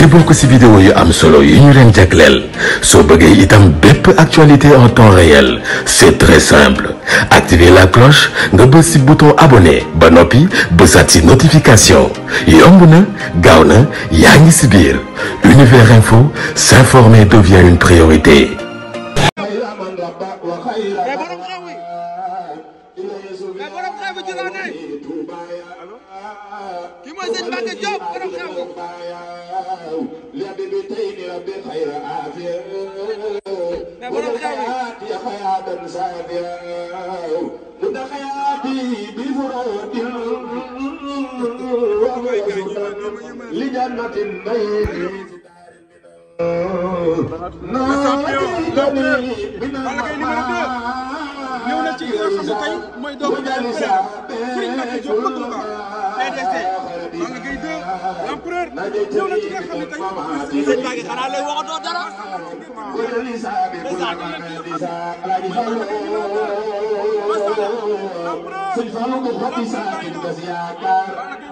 ci bokk si vidéo yu am solo yu ñu leen jagleel soo bëggee itam bépp actualité en temps réel c'est très simple activer la cloche nga bës si bouton abonné ba noppi bësaat si notification yomb na gaw na yaa ngi si biir univers info s'informer devient une priorité لببتين رب خير عافية وللحياة حياة سافية من حياتي بفرود لجنة بيتي نادي بنا ñëw na ci li nga xam ne tey mooy doomu Ndiaye Mbène Serigne Mbacke Diop bëgg lu baax PDC ñëw na ci nga xam ne tey jii sëñ Mbacke xanaa lay waxatoo dara. sëñ Fallou ko xokki saa ci gas yaakaar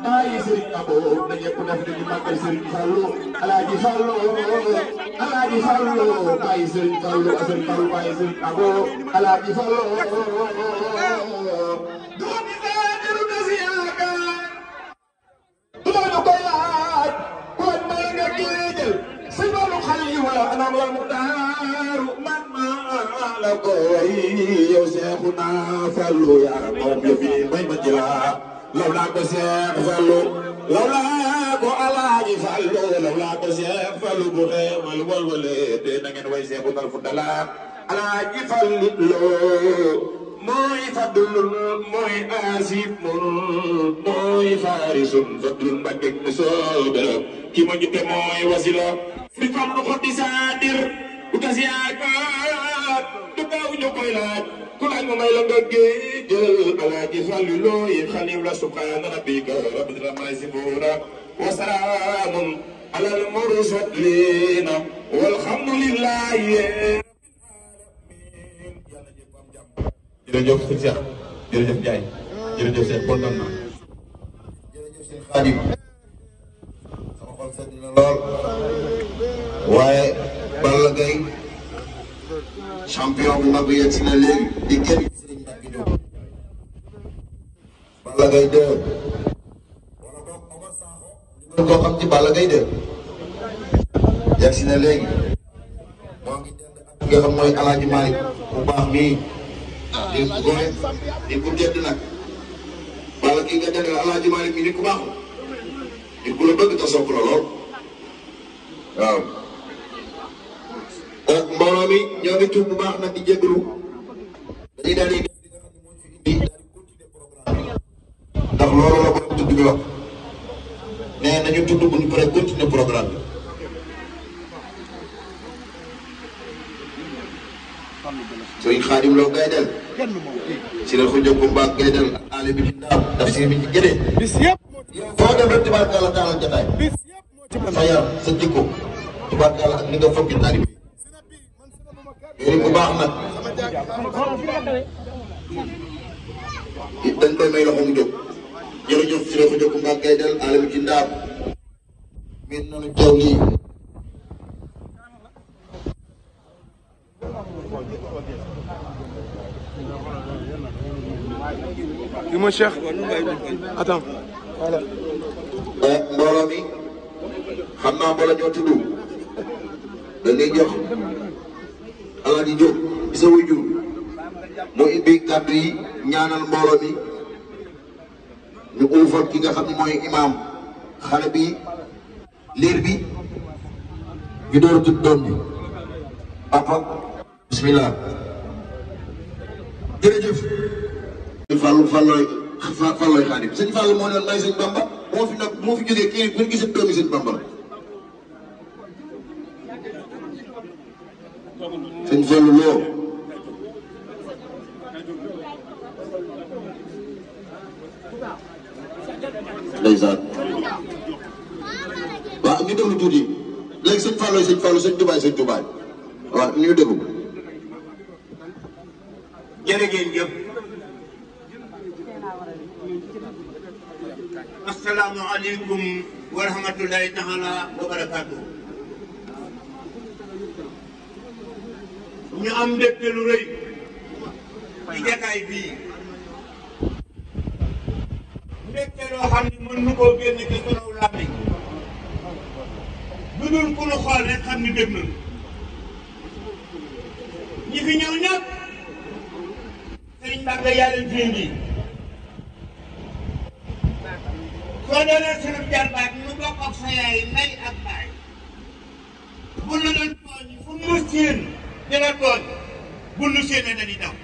bàyyi Serigne Abo na ñëpp def nañu màggal Serigne Fallou Alaaji Fallou Alaaji Fallou bàyyi Serigne Fallou Serigne Fallou bàyyi Serigne Abo Alaaji Fallou ana wal muxtaar man maa la ko way yow Seexuna Fallu yaa moom yëf yi may ma ji laa law laa ko Seex Fallu law laa ko Alaaji Fallu law laa ko Seex Fallu bu xeewal walwale te na ngeen way Seexuna Fallu Alaaji Fallu loo mooy fadlun mooy aasif mooy faarisun fadlun mbaggeeg mu soobara ki ma jute mooy wasila bi fam lu xotti saadir bu tas yaakaar du gaaw ñu koy laaj ku laaj ma may la nga géej jël alaaji fàllu looy xaliw la subhaana rabbika rabbil maasifuuna wa salaamun alal mursaliina walhamdulillahi jërëjëf sëñ Cheikh jërëjëf Ndiaye jërëjëf sëñ kontaan naa jërëjëf sëñ Xaadim sama xol sedd na lool waaye Balla Gaye champion bu mag bi yegg si na léegi di génn sëriñ Mbacke Diop Balla Gaye 2 wala boog Omar Sakho ñu ko xam ci Balla Gaye 2 yegg si na léegi moo ngi dend ak nga xam mooy Alaaji Malick bu baax mii di ko gore di ko tedd nag bala ki nga jagleel Alaaji Maalik mi nit ku baax ku la bëgg te sopp la waaw ak mbooloo tuub baax nag di jégalu dañuy daal di li moo fi indi daal di continuer programme ndax loolu la ko tudd bi wax nee nañu tudd bu ñu paree continuer programme sëriñ xaadim loo gay del si la ko jóg mbaag gay del aale bi ci daam tafsir bi ci gënee bis yëpp foo dem rek tubaarkàlla sa jikko tubaarkàlla ak nga fokki taalib yooyu bu baax nag dañ koy may loxo mu jóg jërëjëf si la ko jóg mbaag gay del aale bi ci ndaam miin nañu nii Dis-moi, cher. Attends. Voilà. Eh, bon xam naa bala ñoo tudd dañuy jox Alaaji Diop sa wujur mu indi kàddu yi ñaanal mbooloo ñu uufal ki nga xam ne mooy imaam xale bi liir bi ñu door tudd bi papa bismillah jërëjëf fàllu fàllooy fàllooy xaadim sëñ fàllu moo ne may sëñ bamba moo fi nag moo fi jógee kii bu ñu gisee doomi sëñ bamba la sëñ fàllu loo ndeysaan waaw ñu déglu tuuti léegi sëñ fàllooy sëñ fàllu sëñ tubaay sëñ tubaay waaw ñu déglu jërë ngeen jëf asalaamu aleykum wa rahmatullahi taala ñu am mbégte lu rëy ci jataay bii mbégte loo xam ne mën nu koo génn ci sunu làmmiñ lu dul ku nu xool rek xam ni dégg nañu ñi fi ñëw ñëpp sëriñ Mbàkke yaa leen fi soo doonee sunu jarbaat nu bokk ak sa yaay nay ak baay bu nu la tooñ fu mu séen di la tooñ bu nu séenee dañuy daw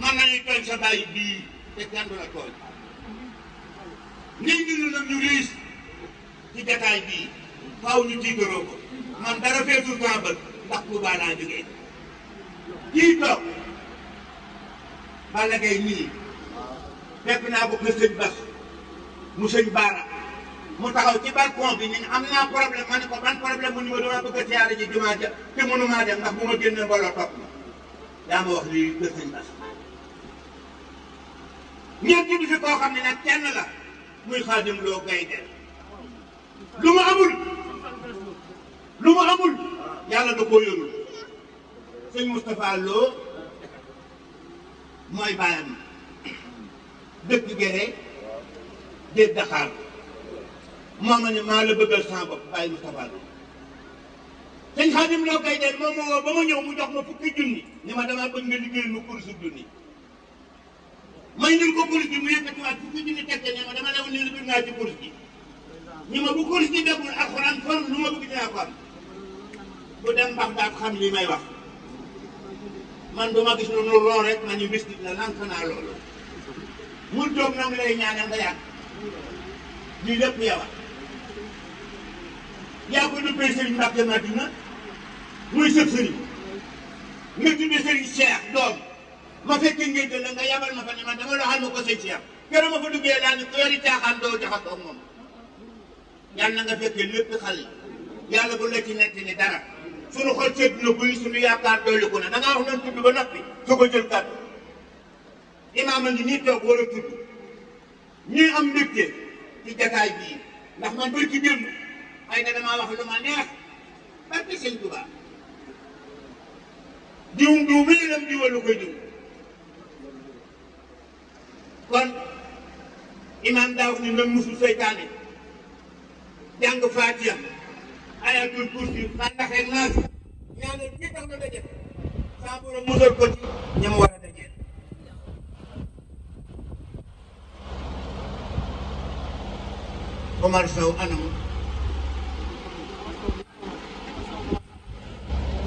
man nañu tooñ sa baay bii te kenn du la tooñ nit ñi ñu nag ñu riis ci jataay bii faaw ñu tiitaroo ko man dara feesul sama ndax Tuubaa laa jógee kii toog Balla Gaye nii fekk naa ko kër sëñ mu sëñ Baara mu taxaw ci balcon bi ni am naa problème ma ne ko ban problème mu ni ma dama bëgg a siyaare ji jumaa te mënumaa dem ndax bu ma génne mbooloo topp ma daa ma wax lii kër sëñ Bass ñeent ñi fi koo xam ne nag kenn la muy xaadim loo gay del lu mu amul lu mu amul yàlla da koo yorul sëñ Moustapha mooy bàyyam dëkk Gere de Dakar moo ma ne maa la bëggal sama bopp bàyyi Moustapha Lo sëñ Xaadim loo koy dee moom ma woo ba ma ñëw mu jox ma fukki junni ni ma damaa bëgg nga liggéeyal ma pour junni may ñu ko police bi mu yëkkatiwaat fukki junni teg te ne ma dama newoon ne la bëgg naa ci police bi ñu ma bu police bi demul alxuraan form lu ma bëgg dinaa ko am bu dem Bagdad xam li may wax man du ma gis lu lool rek ma ñu bis dina lànk loolu mu doog na lay ñaanal nga yàgg lii lépp yow yaa ko duppee Serigne Mbacke Madina muy sëb Serigne nga tuddee Serigne Cheikh doom ma fekk ngénte la yabal ma fa ne ma dama doxal ma ko sëñ Cheikh gërëm ma fa duggee daal ni ko yori caaxaan doo jaxasoo moom yal na nga fekkee lépp xale yàlla bu la ci nettali dara suñu xol seet na buy suñu yaakaar dolliku na da ngaa wax noonu tudd ba noppi su ko jël kàddu imaam a ngi nii toog war a tudd. ñuy am mbégte ci jataay ndax man bër ci démb ay na damaa wax lu ma neex barke sëñ Tuubaa diwum diw mi lam diwal lu koy diw kon imaam daaw ni nan musul seytaane jàng faatiya ayatul kursi xandaxee naas ñaanal ñi tax na daje saa borom musal ko ci ñam war Omar Sow anam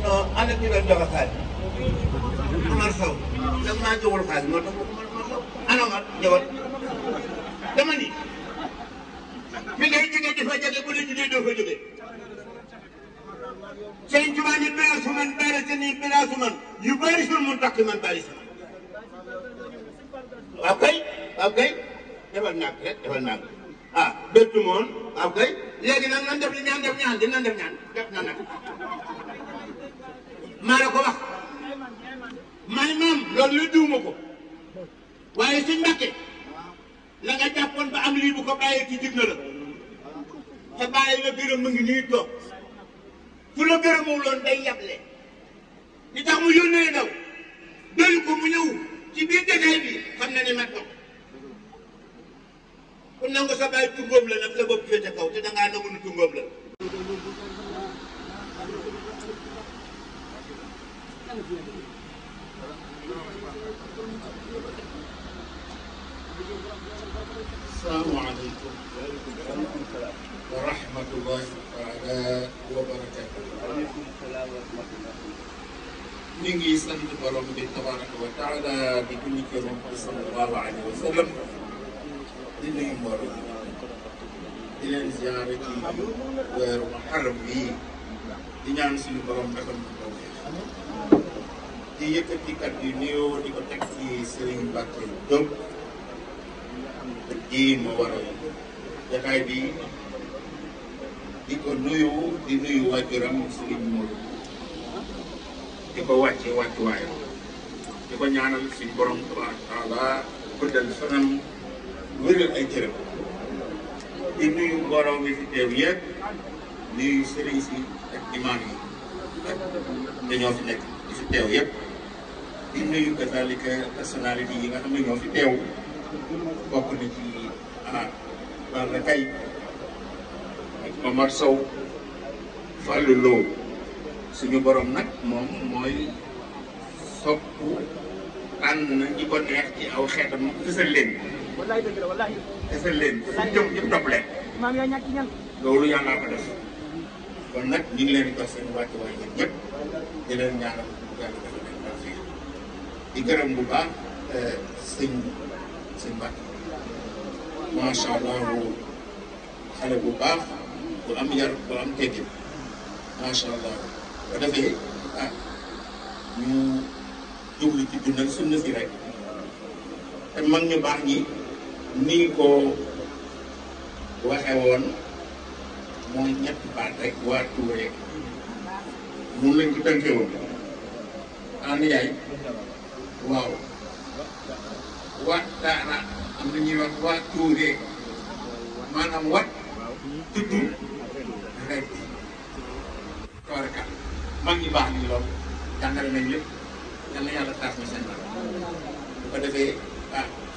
non ana ki doon joxe xaalis Omar Sow daf maa joxul xaalis moo tax Omar Sow ana Omar jawat dama ni fi ngay jógee di fa jóge bu la jógee doo fa jóge Sëriñ Tuubaa ni bala su man bala si ni bala su man yu bari su mun takk man bari si man waaw kay waaw kay defal naag rek defal naag ah bettu moon waaw ah, kay léegi nag nan def li ñaan def ñaan di nan def ñaan def na ko may maam loolu lu duuma ko waaye suñ Mbàkke la nga ba am lii ko bàyyee ci dig na la te bàyyi la biram mu ngi nii fu la gërëmuwuloon day yable li tax mu yónnee ndaw doy mu ñëw ci biir dëkk bi xam na ni ma toog ku nangu sa bàyyi tungoom la nag sa bopp féete kaw te dangaa nangu nu tungoom la salaamaaleykum wa rahmatullahi taala wa barakatuh ñu ngi sant borom bi tabaraka wa taala di julli ci Yonent bi sallallahu alayhi wa sallam di nuyu mbooloo di leen ziare ci weeru xaram di ñaan suñu borom defal ñu ko di yëkkati kàddu yu nuyoo di ko teg ci Serigne Mbacké Diop ji ma waral jotaay bi di ko nuyu di nuyu waajuram Serigne Modou di ko wàcce wàccuwaayam di ko ñaanal suñu borom tabaaraka taala guddal fanam wéral ay cëram di nuyu mbooloo mi fi teew yëpp nuyu sëriñ si ak imaam yi ak dañoo nekk di fi teew yëpp di nuyu nga xam ne ñoo fi teew bokk na ci ah Balla Gaye ak Omar Sow suñu borom nag moom mooy sopp tànn na ñi ko neex ci aw xeetam fësal leen wallaay dëgg la wallaay. defal leen fu jëm ñëpp topp leen. maam yaa ñàkk ñan. loolu yàlla ko def kon nag ñu ngi leen di jox seen wàccuwaay ñun ñëpp di leen ñaanal yàlla defal leen tawfiq di gërëm bu baax eh, sëñ sëñ Mbacke macha allah xale bu baax bu am yar bu am teggin macha allah ba defee ah ñu jublu ci dundal sunna si rek te mag ñu baax ñi. ni ñu ko waxe woon mooy baat rek waa Touré moom lañ ko tënkee woon an yaay waaw waat daana am na ñuy wax waa Touré maanaam wat tudd rek baax ni lool jàngale nañ lépp yal yàlla taas na seen ba bu ko defee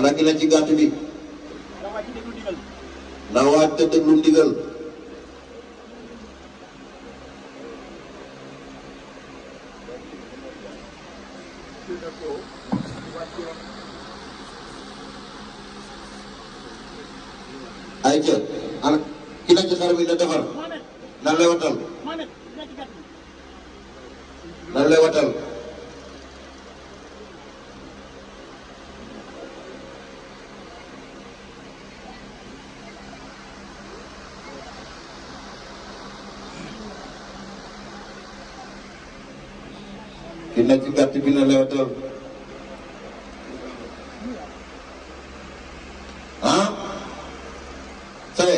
ana ki ne ci gàtt bi na waaj te déglu ndigal ay ca ana ki ci xar mi na defar nan lay watal nan lay watal na ci gàtt bi na lewetal ah sawe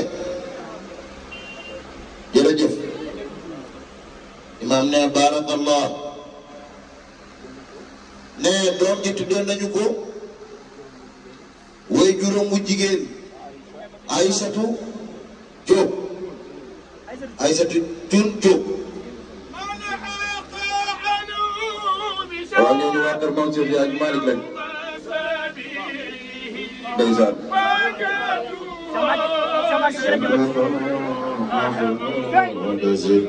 jërëjëf imaam ne barakallah ne doom ji tuddee nañu ko way juróom bu jigéen Aysatu Jóob Aysatu frontière bi ak Malick lañ ndeysaan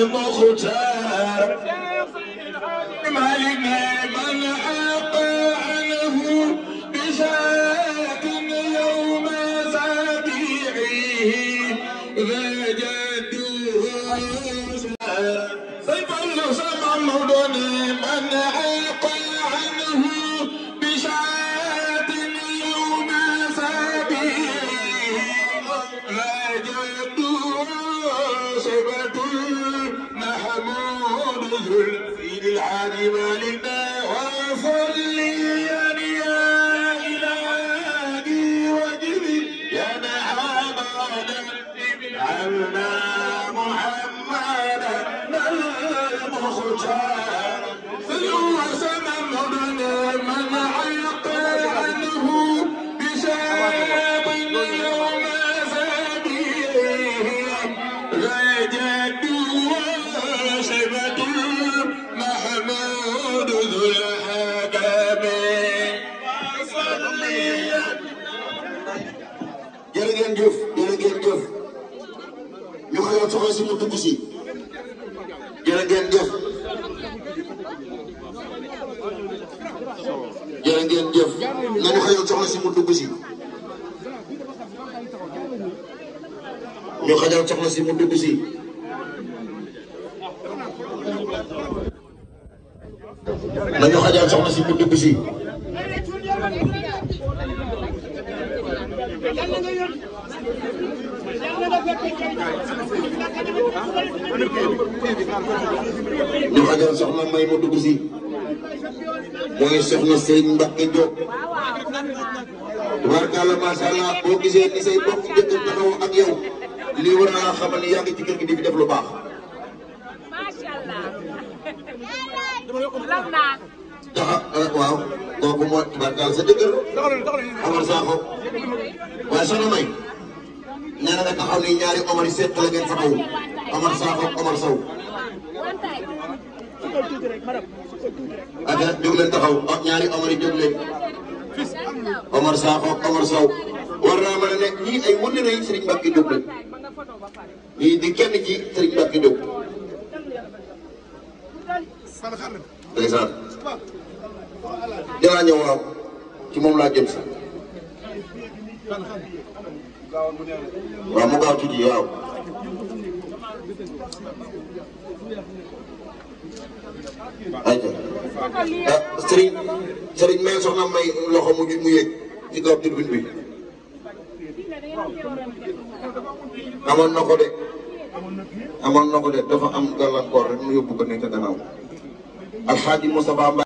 المختار say Georgia. jërë ngeen jëf nañu xëyal soxna si mu dugg si ñu xëyal soxna si mu dugg si nañu xëyal soxna si mu dugg si ñu xajal soxna may mu dugg si mooy soxna Sëñ Mbacke Diop tubaarkàlla macha allah boo gisee ni say bokk jëkkër taxaw ak yow lii war naa xamal yaa ngi ci gi di fi def lu baax. Ah, waaw kooku moo tubaarkàlla sa jëkkër Amar Sakho waaye soxna May. nee na nga taxaw ni ñaari Omar yi seq la ngeen fa taw Omar Sakho taxaw ak ñaari Omar war naa mën a nekk ñii ay wënde nañ Serigne Mbacké Diop lañ ñii di kenn ci Serigne Mbacké Diop. ndeysaan dinaa ñëw waaw ci moom laa jëm sax. waaw mu gaaw tuuti waaw. ayca ah Serigne Serigne may soxna may loxo mu mu yëg ci kaw tribune bi. amoon na ko de amoon na ko de dafa am gàllankoor rek mu yóbbu ko nekk gannaaw. Alxaaji Moustapha Mbaye